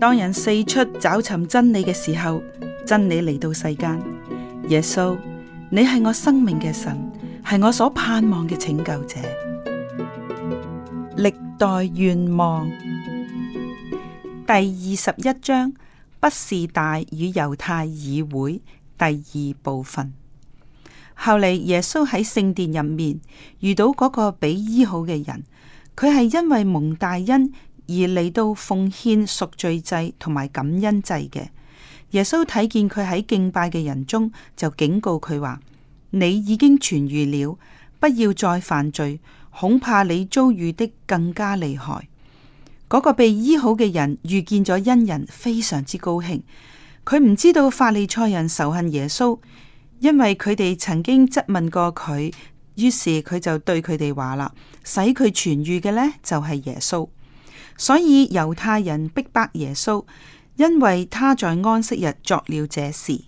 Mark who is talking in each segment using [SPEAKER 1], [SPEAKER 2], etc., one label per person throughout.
[SPEAKER 1] 當人四出找尋真理嘅時候，真理嚟到世間。耶穌，你係我生命嘅神，係我所盼望嘅拯救者。歷代願望第二十一章，不是大與猶太議會第二部分。後嚟耶穌喺聖殿入面遇到嗰個俾醫好嘅人，佢係因為蒙大恩而嚟到奉獻贖罪祭同埋感恩祭嘅。耶穌睇見佢喺敬拜嘅人中，就警告佢話：你已經痊愈了，不要再犯罪，恐怕你遭遇的更加厲害。嗰個被醫好嘅人遇見咗恩人，非常之高興。佢唔知道法利賽人仇恨耶穌。因為佢哋曾經質問過佢，於是佢就對佢哋話啦：使佢痊愈嘅呢，就係耶穌。所以猶太人逼迫，迫耶穌，因為他在安息日作了這事。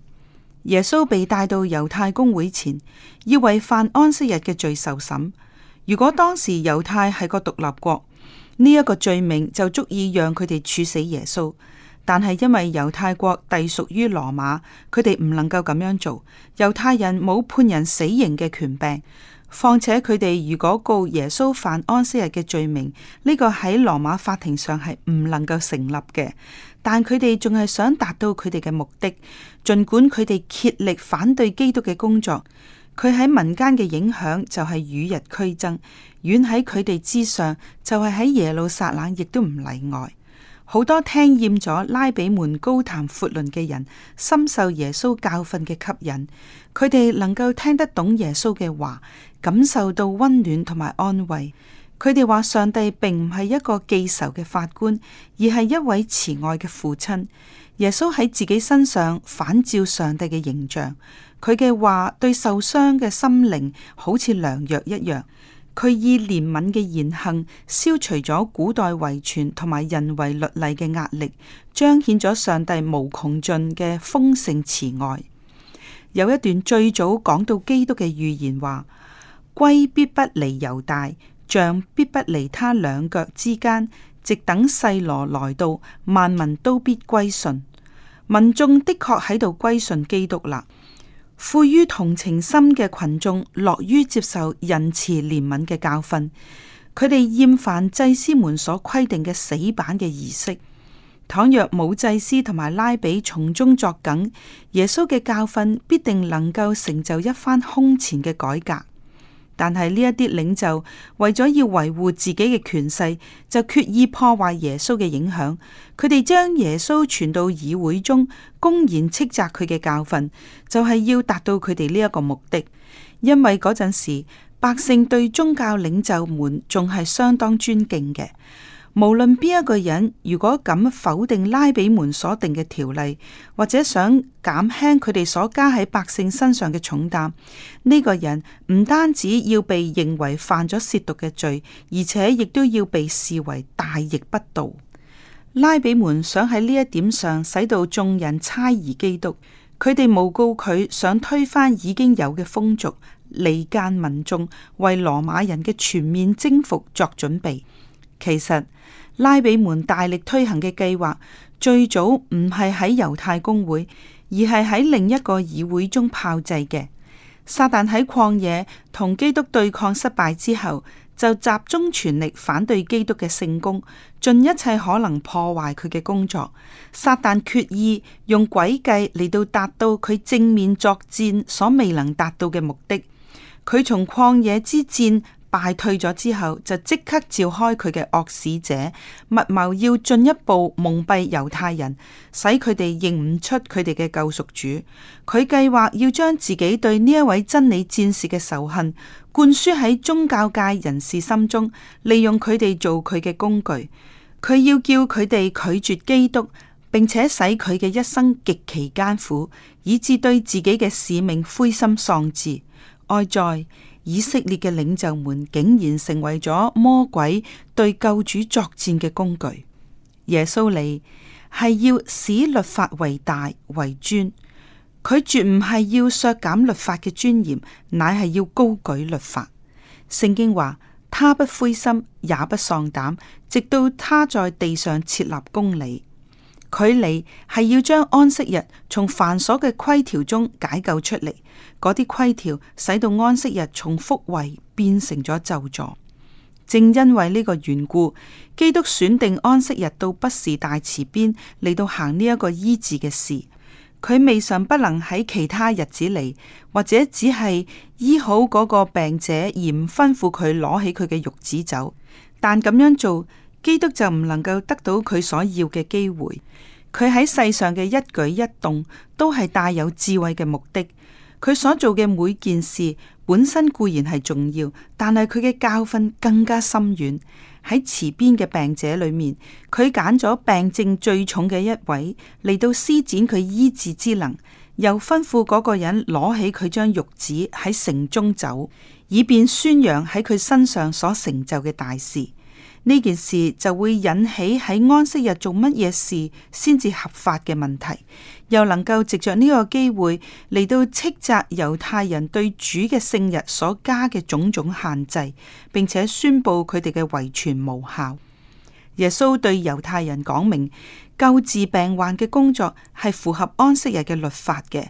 [SPEAKER 1] 耶穌被帶到猶太公會前，要為犯安息日嘅罪受審。如果當時猶太係個獨立國，呢、這、一個罪名就足以讓佢哋處死耶穌。但係因為猶太國隸屬於羅馬，佢哋唔能夠咁樣做。猶太人冇判人死刑嘅權柄，況且佢哋如果告耶穌犯安息日嘅罪名，呢個喺羅馬法庭上係唔能夠成立嘅。但佢哋仲係想達到佢哋嘅目的，盡管佢哋竭力反對基督嘅工作，佢喺民間嘅影響就係與日俱增，遠喺佢哋之上，就係喺耶路撒冷亦都唔例外。好多聽厭咗拉比們高談闊論嘅人，深受耶穌教訓嘅吸引。佢哋能夠聽得懂耶穌嘅話，感受到溫暖同埋安慰。佢哋話上帝並唔係一個記仇嘅法官，而係一位慈愛嘅父親。耶穌喺自己身上反照上帝嘅形象，佢嘅話對受傷嘅心靈好似良藥一樣。佢以憐憫嘅言行，消除咗古代遺傳同埋人為律例嘅壓力，彰顯咗上帝無窮盡嘅豐盛慈愛。有一段最早講到基督嘅預言話：圭必不離猶大，杖必不離他兩腳之間，直等細羅來到，萬民都必歸順。民眾的確喺度歸順基督啦。富於同情心嘅群眾樂於接受仁慈憐憫嘅教訓，佢哋厭煩祭司們所規定嘅死板嘅儀式。倘若冇祭司同埋拉比從中作梗，耶穌嘅教訓必定能夠成就一番空前嘅改革。但係呢一啲領袖為咗要維護自己嘅權勢，就決意破壞耶穌嘅影響。佢哋將耶穌傳到議會中，公然斥責佢嘅教訓，就係要達到佢哋呢一個目的。因為嗰陣時，百姓對宗教領袖們仲係相當尊敬嘅。無論邊一個人，如果敢否定拉比們所定嘅條例，或者想減輕佢哋所加喺百姓身上嘅重擔，呢、這個人唔單止要被認為犯咗褻瀆嘅罪，而且亦都要被視為大逆不道。拉比們想喺呢一點上使到眾人猜疑基督，佢哋誣告佢想推翻已經有嘅風俗，離間民眾，為羅馬人嘅全面征服作準備。其實。拉比們大力推行嘅計劃，最早唔係喺猶太公會，而係喺另一個議會中炮製嘅。撒旦喺曠野同基督對抗失敗之後，就集中全力反對基督嘅聖工，盡一切可能破壞佢嘅工作。撒旦決意用詭計嚟到達到佢正面作戰所未能達到嘅目的。佢從曠野之戰。敗退咗之後，就即刻召開佢嘅惡使者，密謀要進一步蒙蔽猶太人，使佢哋認唔出佢哋嘅救贖主。佢計劃要將自己對呢一位真理戰士嘅仇恨灌輸喺宗教界人士心中，利用佢哋做佢嘅工具。佢要叫佢哋拒絕基督，並且使佢嘅一生極其艱苦，以致對自己嘅使命灰心喪志。愛在。以色列嘅領袖們竟然成為咗魔鬼對救主作戰嘅工具。耶穌嚟係要使律法為大為尊，佢絕唔係要削減律法嘅尊嚴，乃係要高舉律法。聖經話：他不灰心，也不喪膽，直到他在地上設立公理。佢嚟係要將安息日從繁瑣嘅規條中解救出嚟。嗰啲規條使到安息日從復位變成咗咒詛。正因為呢個緣故，基督選定安息日到畢士大池邊嚟到行呢一個醫治嘅事。佢未嘗不能喺其他日子嚟，或者只係醫好嗰個病者，而唔吩咐佢攞起佢嘅褥子走。但咁樣做，基督就唔能夠得到佢所要嘅機會。佢喺世上嘅一舉一動都係帶有智慧嘅目的。佢所做嘅每件事本身固然係重要，但係佢嘅教訓更加深遠。喺池邊嘅病者裏面，佢揀咗病症最重嘅一位嚟到施展佢醫治之能，又吩咐嗰個人攞起佢張褥子喺城中走，以便宣揚喺佢身上所成就嘅大事。呢件事就會引起喺安息日做乜嘢事先至合法嘅問題。又能夠藉着呢個機會嚟到斥責猶太人對主嘅聖日所加嘅種種限制，並且宣布佢哋嘅遺傳無效。耶穌對猶太人講明，救治病患嘅工作係符合安息日嘅律法嘅。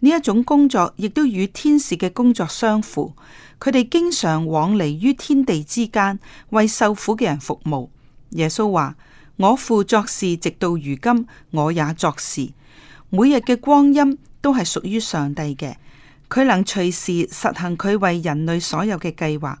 [SPEAKER 1] 呢一種工作亦都與天使嘅工作相符。佢哋經常往嚟於天地之間，為受苦嘅人服務。耶穌話：我父作事，直到如今，我也作事。每日嘅光陰都係屬於上帝嘅，佢能隨時實行佢為人類所有嘅計劃。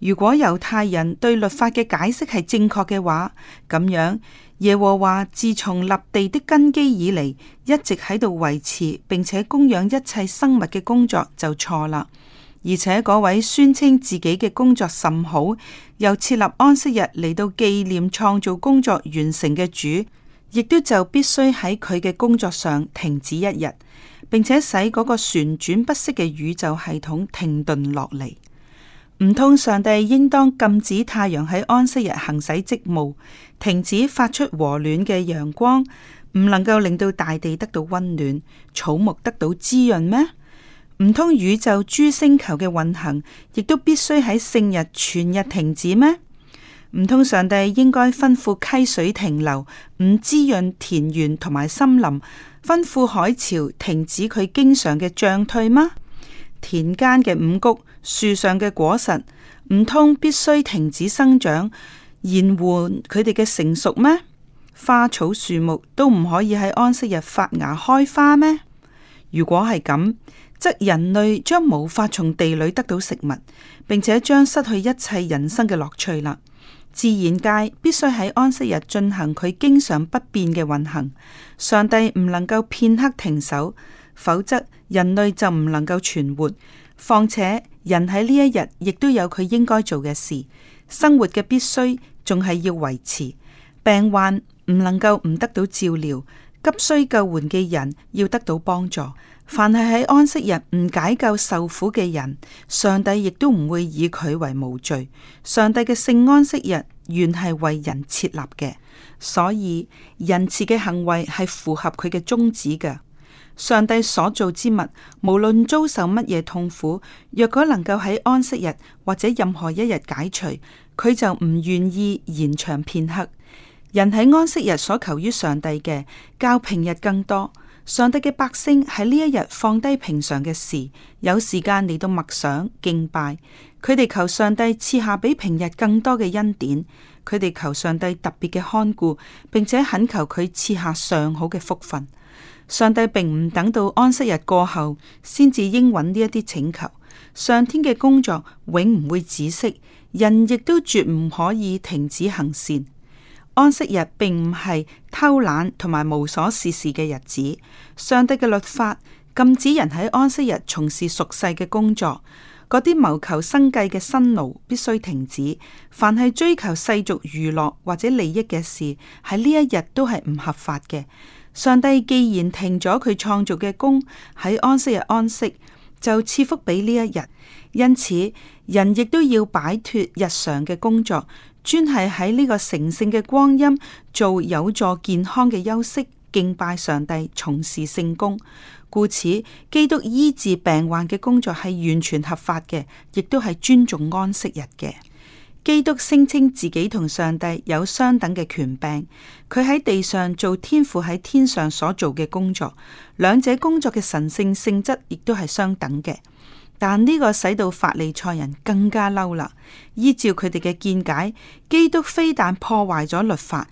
[SPEAKER 1] 如果猶太人對律法嘅解釋係正確嘅話，咁樣耶和華自從立地的根基以嚟，一直喺度維持並且供養一切生物嘅工作就錯啦。而且嗰位宣稱自己嘅工作甚好，又設立安息日嚟到紀念創造工作完成嘅主。亦都就必須喺佢嘅工作上停止一日，並且使嗰個旋轉不息嘅宇宙系統停頓落嚟。唔通上帝應當禁止太陽喺安息日行使職務，停止發出和暖嘅陽光，唔能夠令到大地得到溫暖、草木得到滋潤咩？唔通宇宙諸星球嘅運行亦都必須喺聖日全日停止咩？唔通上帝應該吩咐溪水停留，唔滋潤田園同埋森林；吩咐海潮停止佢經常嘅漲退嗎？田間嘅五穀、樹上嘅果實，唔通必須停止生長、延緩佢哋嘅成熟咩？花草樹木都唔可以喺安息日發芽開花咩？如果係咁，則人類將無法從地裏得到食物，並且將失去一切人生嘅樂趣啦。自然界必須喺安息日進行佢經常不變嘅運行，上帝唔能夠片刻停手，否則人類就唔能夠存活。況且人喺呢一日亦都有佢應該做嘅事，生活嘅必須仲係要維持，病患，唔能夠唔得到照料。急需救援嘅人要得到幫助，凡係喺安息日唔解救受苦嘅人，上帝亦都唔會以佢為無罪。上帝嘅聖安息日原係為人設立嘅，所以仁慈嘅行為係符合佢嘅宗旨嘅。上帝所造之物，無論遭受乜嘢痛苦，若果能夠喺安息日或者任何一日解除，佢就唔願意延長片刻。人喺安息日所求於上帝嘅，較平日更多。上帝嘅百姓喺呢一日放低平常嘅事，有時間嚟到默想敬拜。佢哋求上帝賜下比平日更多嘅恩典。佢哋求上帝特別嘅看顧，並且懇求佢賜下上好嘅福分。上帝並唔等到安息日過後，先至應允呢一啲請求。上天嘅工作永唔會止息，人亦都絕唔可以停止行善。安息日並唔係偷懶同埋無所事事嘅日子。上帝嘅律法禁止人喺安息日從事屬世嘅工作，嗰啲謀求生計嘅辛勞必須停止。凡係追求世俗娛樂或者利益嘅事，喺呢一日都係唔合法嘅。上帝既然停咗佢創造嘅工，喺安息日安息，就賜福俾呢一日。因此，人亦都要擺脫日常嘅工作。專係喺呢個神聖嘅光陰做有助健康嘅休息、敬拜上帝、從事聖工，故此基督醫治病患嘅工作係完全合法嘅，亦都係尊重安息日嘅。基督聲稱自己同上帝有相等嘅權柄，佢喺地上做天父喺天上所做嘅工作，兩者工作嘅神聖性、性質亦都係相等嘅。但呢個使到法利賽人更加嬲啦。依照佢哋嘅見解，基督非但破壞咗律法，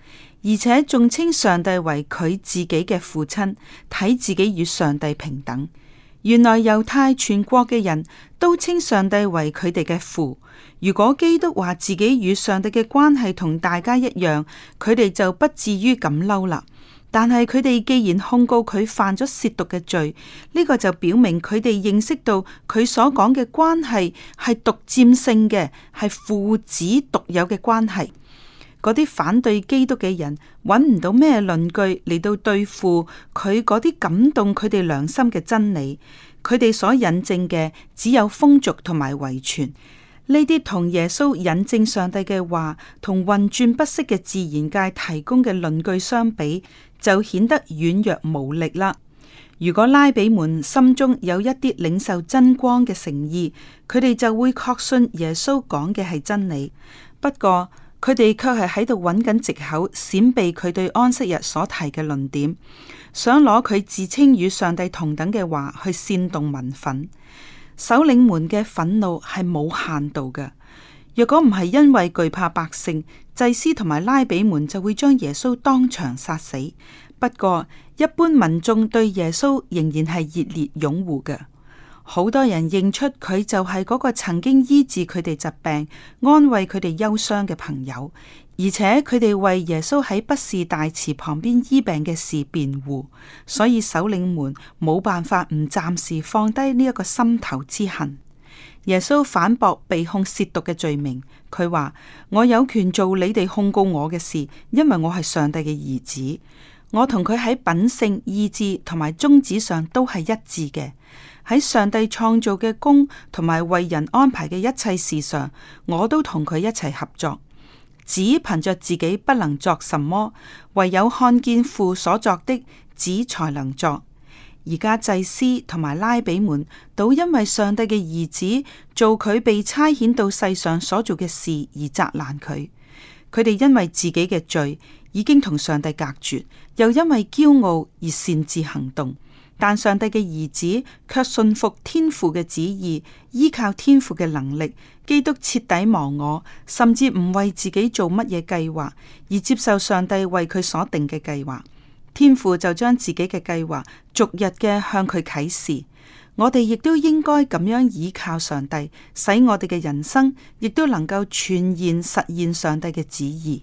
[SPEAKER 1] 而且仲稱上帝為佢自己嘅父親，睇自己與上帝平等。原來猶太全國嘅人都稱上帝為佢哋嘅父。如果基督話自己與上帝嘅關係同大家一樣，佢哋就不至於咁嬲啦。但係佢哋既然控告佢犯咗褻瀆嘅罪，呢、這個就表明佢哋認識到佢所講嘅關係係獨佔性嘅，係父子獨有嘅關係。嗰啲反對基督嘅人揾唔到咩論據嚟到對付佢嗰啲感動佢哋良心嘅真理，佢哋所引證嘅只有風俗同埋遺傳。呢啲同耶穌引證上帝嘅話，同運轉不息嘅自然界提供嘅論據相比，就顯得軟弱無力啦。如果拉比們心中有一啲領受真光嘅誠意，佢哋就會確信耶穌講嘅係真理。不過，佢哋卻係喺度揾緊藉口，閃避佢對安息日所提嘅論點，想攞佢自稱與上帝同等嘅話去煽動民憤。首領們嘅憤怒係冇限度嘅。若果唔係因為懼怕百姓，祭司同埋拉比們就會將耶穌當場殺死。不過，一般民眾對耶穌仍然係熱烈擁護嘅。好多人認出佢就係嗰個曾經醫治佢哋疾病、安慰佢哋憂傷嘅朋友，而且佢哋為耶穌喺畢士大池旁邊醫病嘅事辯護，所以首領們冇辦法唔暫時放低呢一個心頭之恨。耶穌反駁被控褻瀆嘅罪名，佢話：我有權做你哋控告我嘅事，因為我係上帝嘅兒子，我同佢喺品性、意志同埋宗旨上都係一致嘅。喺上帝創造嘅功同埋為人安排嘅一切事上，我都同佢一齊合作。只憑着自己不能作什麼，唯有看見父所作的，子才能作。而家祭司同埋拉比們，都因為上帝嘅兒子做佢被差遣到世上所做嘅事而責難佢。佢哋因為自己嘅罪，已經同上帝隔絕，又因為驕傲而擅自行動。但上帝嘅兒子卻信服天父嘅旨意，依靠天父嘅能力。基督徹底忘我，甚至唔為自己做乜嘢計劃，而接受上帝為佢所定嘅計劃。天父就將自己嘅計劃逐日嘅向佢啟示。我哋亦都應該咁樣依靠上帝，使我哋嘅人生亦都能夠全然實現上帝嘅旨意。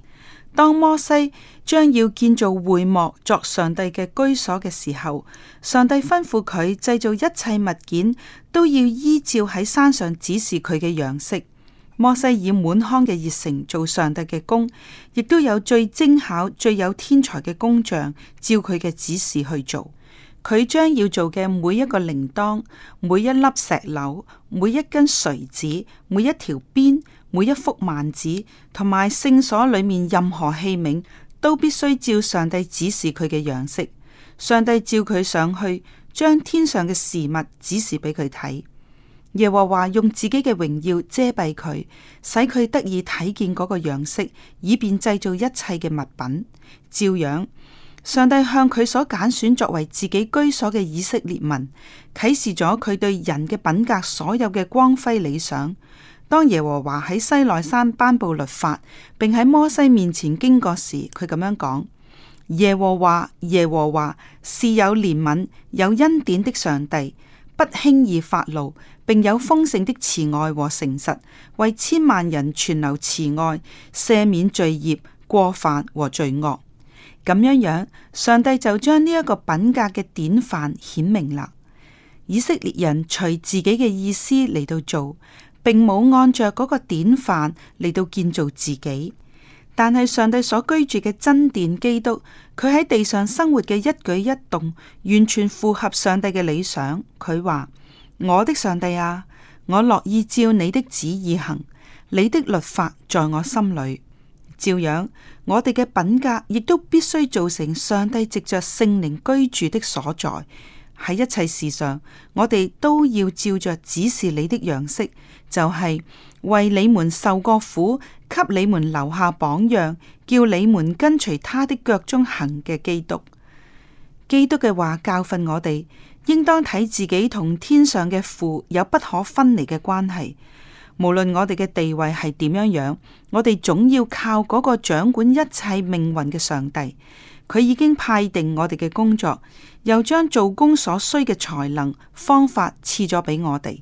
[SPEAKER 1] 當摩西將要建造會幕作上帝嘅居所嘅時候，上帝吩咐佢製造一切物件都要依照喺山上指示佢嘅樣式。摩西以滿腔嘅熱誠做上帝嘅工，亦都有最精巧、最有天才嘅工匠照佢嘅指示去做。佢將要做嘅每一個鈴鐺、每一粒石榴、每一根垂子、每一條邊，每一幅幔子同埋聖所裏面任何器皿，都必須照上帝指示佢嘅樣式。上帝照佢上去，將天上嘅事物指示俾佢睇。耶和華用自己嘅榮耀遮蔽佢，使佢得以睇見嗰個樣式，以便製造一切嘅物品。照樣，上帝向佢所揀選作為自己居所嘅以色列民，啟示咗佢對人嘅品格所有嘅光輝理想。當耶和華喺西奈山頒布律法，並喺摩西面前經過時，佢咁樣講：耶和華，耶和華是有憐憫、有恩典的上帝，不輕易發怒，並有豐盛的慈愛和誠實，為千萬人存留慈愛，赦免罪孽、過犯和罪惡。咁樣樣，上帝就將呢一個品格嘅典範顯明啦。以色列人隨自己嘅意思嚟到做，並冇按着嗰個典範嚟到建造自己，但係上帝所居住嘅真殿基督，佢喺地上生活嘅一舉一動，完全符合上帝嘅理想。佢話：「我的上帝啊，我樂意照你的旨意行，你的律法在我心裏。」照樣，我哋嘅品格亦都必須造成上帝藉着聖靈居住的所在。喺一切事上，我哋都要照着指示你的樣式。就係、是、為你們受過苦，給你們留下榜樣，叫你們跟隨他的腳蹤行嘅基督。基督嘅話教訓我哋，應當睇自己同天上嘅父有不可分離嘅關係。無論我哋嘅地位係點樣樣，我哋總要靠嗰個掌管一切命運嘅上帝。佢已經派定我哋嘅工作，又將做工所需嘅才能、方法賜咗俾我哋。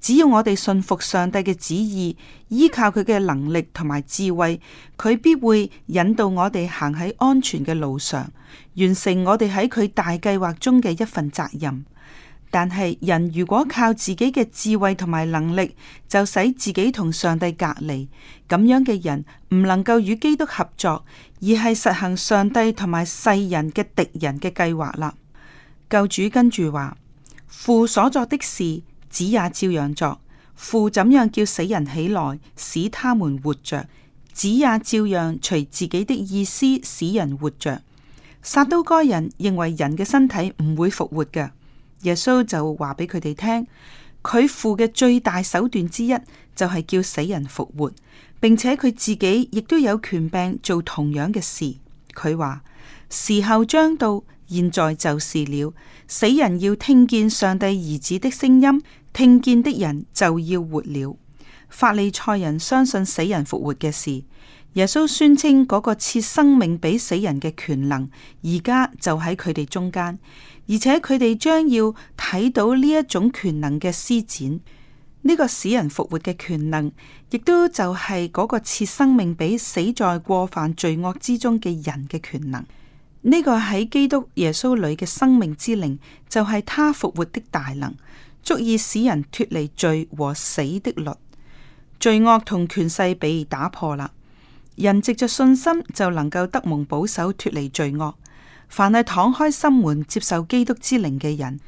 [SPEAKER 1] 只要我哋信服上帝嘅旨意，依靠佢嘅能力同埋智慧，佢必會引導我哋行喺安全嘅路上，完成我哋喺佢大計劃中嘅一份責任。但係人如果靠自己嘅智慧同埋能力，就使自己同上帝隔離。咁樣嘅人唔能夠與基督合作，而係實行上帝同埋世人嘅敵人嘅計劃啦。救主跟住話：父所做的事。子也照樣作，父怎樣叫死人起來，使他們活着，子也照樣隨自己的意思使人活着。撒都該人認為人嘅身體唔會復活嘅，耶穌就話俾佢哋聽，佢父嘅最大手段之一就係叫死人復活，並且佢自己亦都有權柄做同樣嘅事。佢話時候將到。現在就是了，死人要聽見上帝兒子的聲音，聽見的人就要活了。法利賽人相信死人復活嘅事，耶穌宣稱嗰個賜生命俾死人嘅權能，而家就喺佢哋中間，而且佢哋將要睇到呢一種權能嘅施展，呢個死人復活嘅權能，亦都就係嗰個賜生命俾死在過犯罪惡之中嘅人嘅權能。呢個喺基督耶穌裏嘅生命之靈，就係、是、他復活的大能，足以使人脫離罪和死的律。罪惡同權勢被打破啦，人藉着信心就能夠得蒙保守脫離罪惡。凡係敞開心門接受基督之靈嘅人，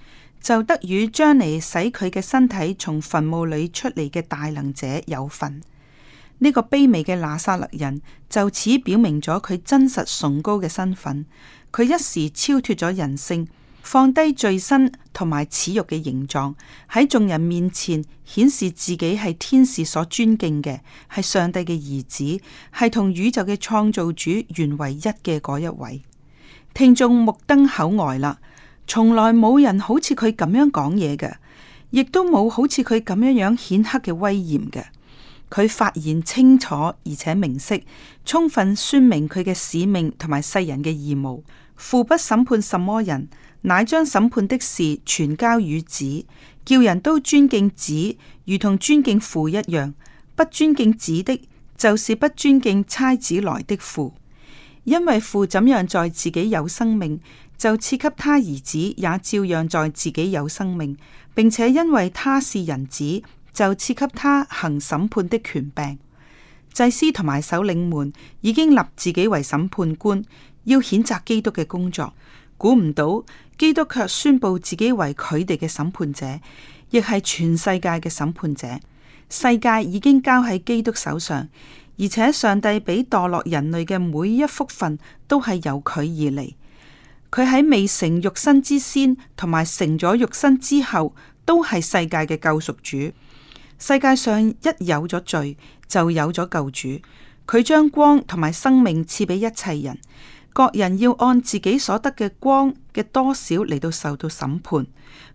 [SPEAKER 1] 就得與將嚟使佢嘅身體從墳墓裏出嚟嘅大能者有份。呢個卑微嘅拿撒勒人就此表明咗佢真實崇高嘅身份，佢一時超脫咗人性，放低罪身同埋恥辱嘅形狀，喺眾人面前顯示自己係天使所尊敬嘅，係上帝嘅兒子，係同宇宙嘅創造主原為一嘅嗰一位。聽眾目瞪口呆啦，從來冇人好似佢咁樣講嘢嘅，亦都冇好似佢咁樣樣顯赫嘅威嚴嘅。佢發言清楚而且明晰，充分宣明佢嘅使命同埋世人嘅義務。父不審判什麼人，乃將審判的事全交與子，叫人都尊敬子，如同尊敬父一樣。不尊敬子的，就是不尊敬差子來的父。因為父怎樣在自己有生命，就賜給他兒子也照樣在自己有生命，並且因為他是人子，就賜給他行審判的權柄，祭司同埋首領們已經立自己為審判官，要譴責基督嘅工作。估唔到基督卻宣布自己為佢哋嘅審判者，亦係全世界嘅審判者。世界已經交喺基督手上，而且上帝俾墮落人類嘅每一福分都係由佢而嚟。佢喺未成肉身之先，同埋成咗肉身之後，都係世界嘅救贖主。世界上一有咗罪，就有咗救主。佢將光同埋生命賜俾一切人，各人要按自己所得嘅光嘅多少嚟到受到審判。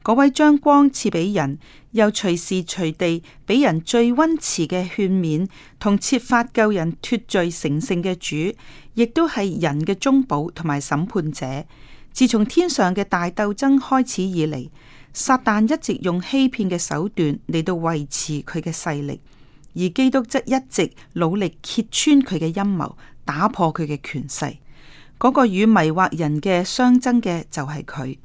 [SPEAKER 1] 嗰位將光賜俾人，又隨時隨地俾人最溫慈嘅勸勉，同設法救人脱罪成聖嘅主，亦都係人嘅中保同埋審判者。自從天上嘅大鬥爭開始以嚟。撒旦一直用欺騙嘅手段嚟到維持佢嘅勢力，而基督則一直努力揭穿佢嘅陰謀，打破佢嘅權勢。嗰、那個與迷惑人嘅相爭嘅就係佢。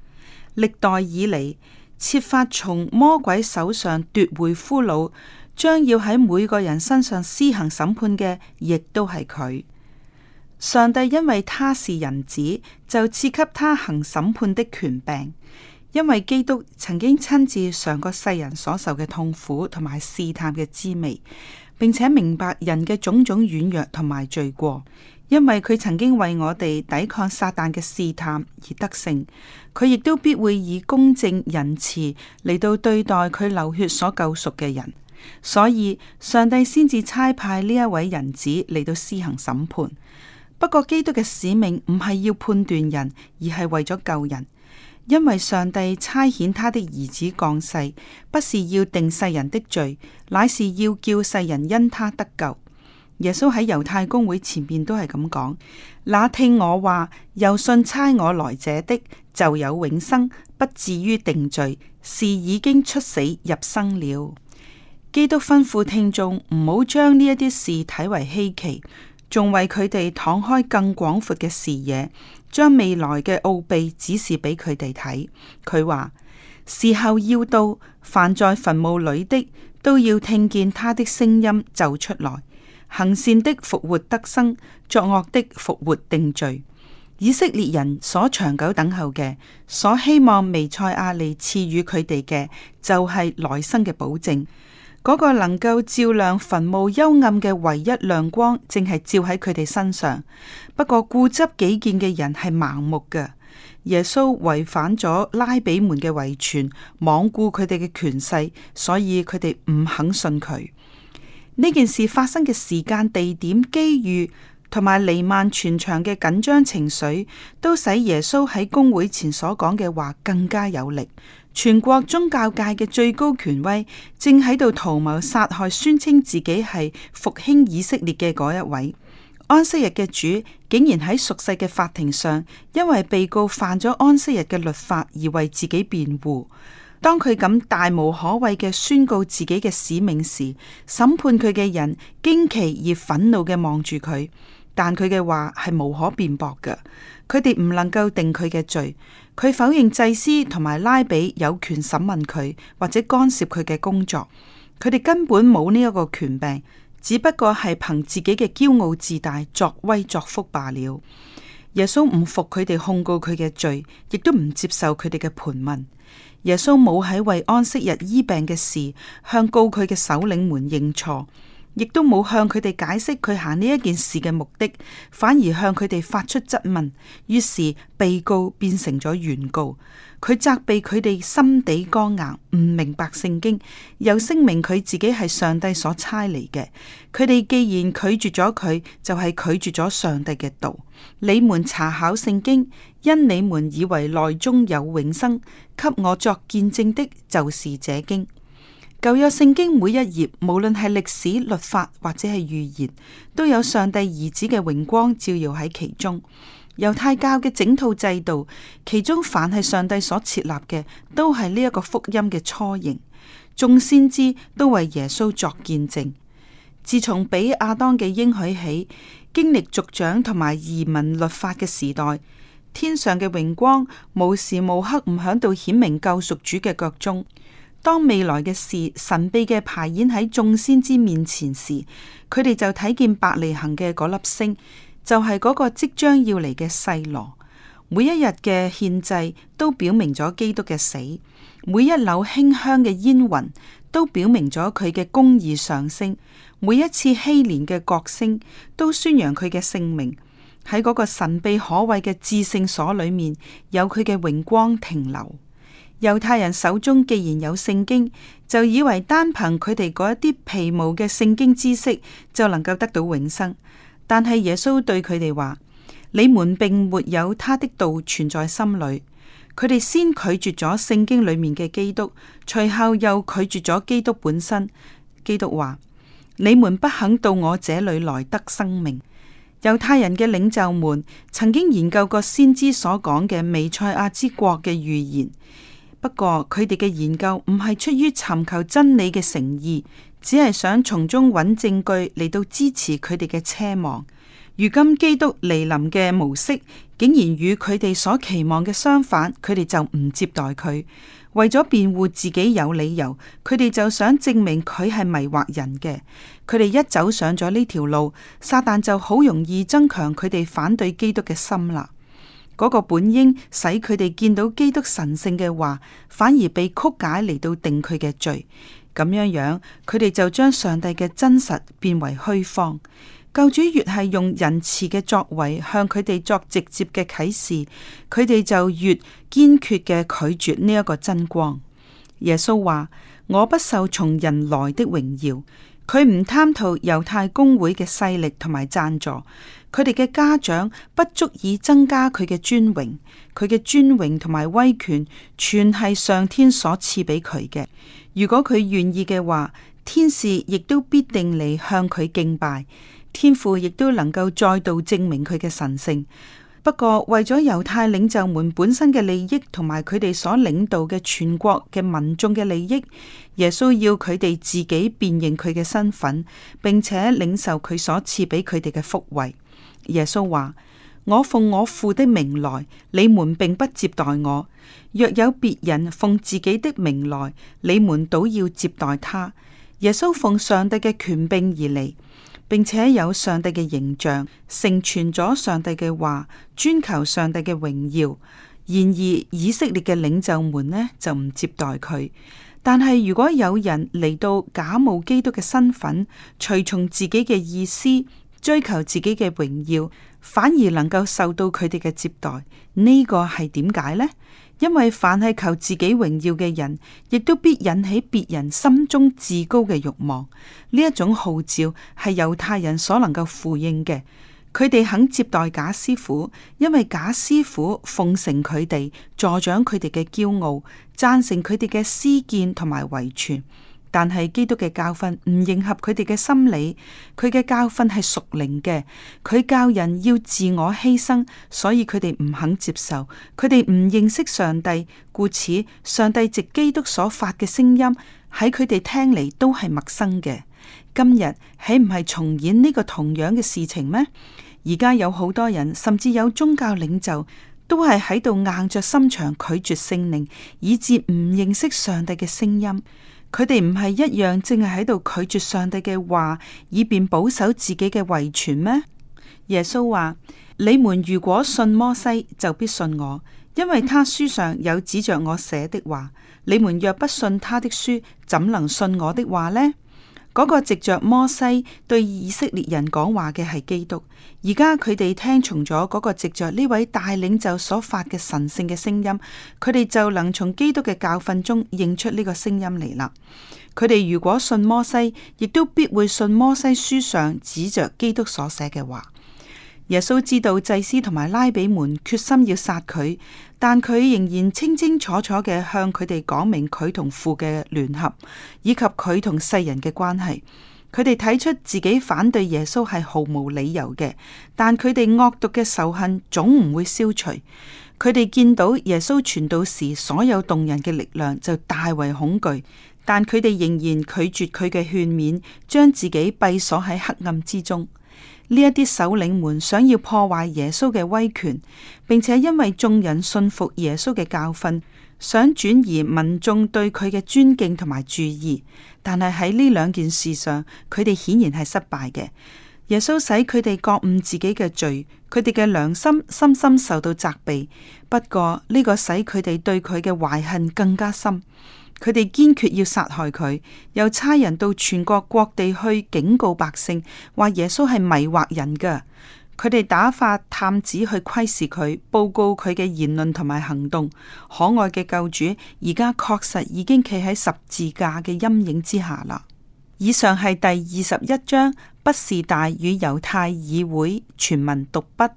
[SPEAKER 1] 歷代以嚟設法從魔鬼手上奪回俘虜，將要喺每個人身上施行審判嘅，亦都係佢。上帝因為他是人子，就賜給他行審判的權柄。因為基督曾經親自嘗過世人所受嘅痛苦同埋試探嘅滋味，並且明白人嘅種種軟弱同埋罪過。因為佢曾經為我哋抵抗撒旦嘅試探而得勝，佢亦都必會以公正仁慈嚟到對待佢流血所救贖嘅人。所以上帝先至差派呢一位人子嚟到施行審判。不過，基督嘅使命唔係要判斷人，而係為咗救人。因為上帝差遣他的兒子降世，不是要定世人的罪，乃是要叫世人因他得救。耶穌喺猶太公會前面都係咁講：「那聽我話又信差我來者的，就有永生，不至於定罪，是已經出死入生了。」基督吩咐聽眾唔好將呢一啲事睇為稀奇。仲為佢哋敞開更廣闊嘅視野，將未來嘅奧秘指示俾佢哋睇。佢話：時候要到，凡在墳墓裏的都要聽見他的聲音就出來；行善的復活得生，作惡的復活定罪。以色列人所長久等候嘅，所希望彌賽亞嚟賜予佢哋嘅，就係、是、來生嘅保證。嗰個能夠照亮墳墓幽暗嘅唯一亮光，正係照喺佢哋身上。不過固執己見嘅人係盲目嘅。耶穌違反咗拉比們嘅遺傳，罔顧佢哋嘅權勢，所以佢哋唔肯信佢。呢件事發生嘅時間、地點、機遇同埋彌漫全場嘅緊張情緒，都使耶穌喺公會前所講嘅話更加有力。全國宗教界嘅最高權威正喺度圖謀殺害宣稱自己係復興以色列嘅嗰一位安息日嘅主，竟然喺熟悉嘅法庭上，因為被告犯咗安息日嘅律法而為自己辯護。當佢咁大無可畏嘅宣告自己嘅使命時，審判佢嘅人驚奇而憤怒嘅望住佢。但佢嘅話係無可辯駁嘅，佢哋唔能夠定佢嘅罪。佢否認祭司同埋拉比有權審問佢或者干涉佢嘅工作，佢哋根本冇呢一個權柄，只不過係憑自己嘅驕傲自大作威作福罷了。耶穌唔服佢哋控告佢嘅罪，亦都唔接受佢哋嘅盤問。耶穌冇喺為安息日醫病嘅事向告佢嘅首領們認錯。亦都冇向佢哋解釋佢行呢一件事嘅目的，反而向佢哋發出質問。於是被告變成咗原告，佢責備佢哋心地剛硬，唔明白聖經，又聲明佢自己係上帝所差嚟嘅。佢哋既然拒絕咗佢，就係拒絕咗上帝嘅道。你們查考聖經，因你們以為內中有永生，給我作見證的，就是這經。舊約聖經每一頁，無論係歷史、律法或者係預言，都有上帝兒子嘅榮光照耀喺其中。猶太教嘅整套制度，其中凡係上帝所設立嘅，都係呢一個福音嘅雛形。眾先知都為耶穌作見證。自從俾亞當嘅應許起，經歷族長同埋移民律法嘅時代，天上嘅榮光無時無刻唔響度顯明救贖主嘅腳蹤。當未來嘅事神秘嘅排演喺眾先之面前時，佢哋就睇見伯利恒嘅嗰粒星，就係、是、嗰個即將要嚟嘅細羅。每一日嘅獻祭都表明咗基督嘅死，每一縷馨香嘅煙雲都表明咗佢嘅公義上升，每一次稀連嘅角聲都宣揚佢嘅聖名。喺嗰個神秘可畏嘅至聖所裏面，有佢嘅榮光停留。猶太人手中既然有聖經，就以為單憑佢哋嗰一啲皮毛嘅聖經知識就能夠得到永生。但係耶穌對佢哋話：你們並沒有他的道存在心裡。佢哋先拒絕咗聖經裡面嘅基督，隨後又拒絕咗基督本身。基督話：你們不肯到我這裡來得生命。猶太人嘅領袖們曾經研究過先知所講嘅彌賽亞之國嘅預言。不過佢哋嘅研究唔係出於尋求真理嘅誠意，只係想從中揾證據嚟到支持佢哋嘅奢望。如今基督嚟臨嘅模式竟然與佢哋所期望嘅相反，佢哋就唔接待佢。為咗辯護自己有理由，佢哋就想證明佢係迷惑人嘅。佢哋一走上咗呢條路，撒旦就好容易增強佢哋反對基督嘅心啦。嗰個本應使佢哋見到基督神聖嘅話，反而被曲解嚟到定佢嘅罪。咁樣樣，佢哋就將上帝嘅真實變為虛妄。救主越係用仁慈嘅作為向佢哋作直接嘅啟示，佢哋就越堅決嘅拒絕呢一個真光。耶穌話：我不受從人來的榮耀，佢唔貪圖猶太公會嘅勢力同埋贊助。佢哋嘅家長不足以增加佢嘅尊榮，佢嘅尊榮同埋威權全係上天所賜俾佢嘅。如果佢願意嘅話，天使亦都必定嚟向佢敬拜，天父亦都能夠再度證明佢嘅神聖。不過，為咗猶太領袖們本身嘅利益同埋佢哋所領導嘅全國嘅民眾嘅利益，耶穌要佢哋自己辨認佢嘅身份，並且領受佢所賜俾佢哋嘅福惠。耶穌話：我奉我父的名來，你們並不接待我。若有別人奉自己的名來，你們倒要接待他。耶穌奉上帝嘅權柄而嚟，並且有上帝嘅形象，成全咗上帝嘅話，專求上帝嘅榮耀。然而以色列嘅領袖們呢就唔接待佢。但係如果有人嚟到假冒基督嘅身份，隨從自己嘅意思。追求自己嘅榮耀，反而能夠受到佢哋嘅接待，呢、呢個係點解呢？因為凡係求自己榮耀嘅人，亦都必引起別人心中至高嘅慾望。呢一種號召係猶太人所能夠呼應嘅。佢哋肯接待假師傅，因為假師傅奉承佢哋，助長佢哋嘅驕傲，贊成佢哋嘅私見同埋遺傳。但係基督嘅教訓唔迎合佢哋嘅心理，佢嘅教訓係屬靈嘅，佢教人要自我犧牲，所以佢哋唔肯接受，佢哋唔認識上帝，故此上帝藉基督所發嘅聲音喺佢哋聽嚟都係陌生嘅。今日豈唔係重演呢個同樣嘅事情咩？而家有好多人，甚至有宗教領袖，都係喺度硬着心腸拒，拒絕聖靈，以致唔認識上帝嘅聲音。佢哋唔係一樣淨係喺度拒絕上帝嘅話，以便保守自己嘅遺傳咩？耶穌話：你們如果信摩西，就必信我，因為他書上有指着我寫的話。你們若不信他的書，怎能信我的話呢？嗰個藉着摩西對以色列人講話嘅係基督，而家佢哋聽從咗嗰個藉着呢位大領袖所發嘅神聖嘅聲音，佢哋就能從基督嘅教訓中認出呢個聲音嚟啦。佢哋如果信摩西，亦都必會信摩西書上指着基督所寫嘅話。耶穌知道祭司同埋拉比們決心要殺佢，但佢仍然清清楚楚嘅向佢哋講明佢同父嘅聯合，以及佢同世人嘅關係。佢哋睇出自己反對耶穌係毫無理由嘅，但佢哋惡毒嘅仇恨總唔會消除。佢哋見到耶穌傳道時，所有動人嘅力量就大為恐懼，但佢哋仍然拒絕佢嘅勸勉，將自己閉鎖喺黑暗之中。呢一啲首領們想要破壞耶穌嘅威權，並且因為眾人信服耶穌嘅教訓，想轉移民眾對佢嘅尊敬同埋注意，但係喺呢兩件事上，佢哋顯然係失敗嘅。耶穌使佢哋覺悟自己嘅罪，佢哋嘅良心深深受到責備。不過呢個使佢哋對佢嘅懷恨更加深。佢哋堅決要殺害佢，又差人到全國各地去警告百姓，話耶穌係迷惑人噶。佢哋打發探子去窺視佢，報告佢嘅言論同埋行動。可愛嘅救主而家確實已經企喺十字架嘅陰影之下啦。以上係第二十一章，不是大與猶太議會全民讀筆。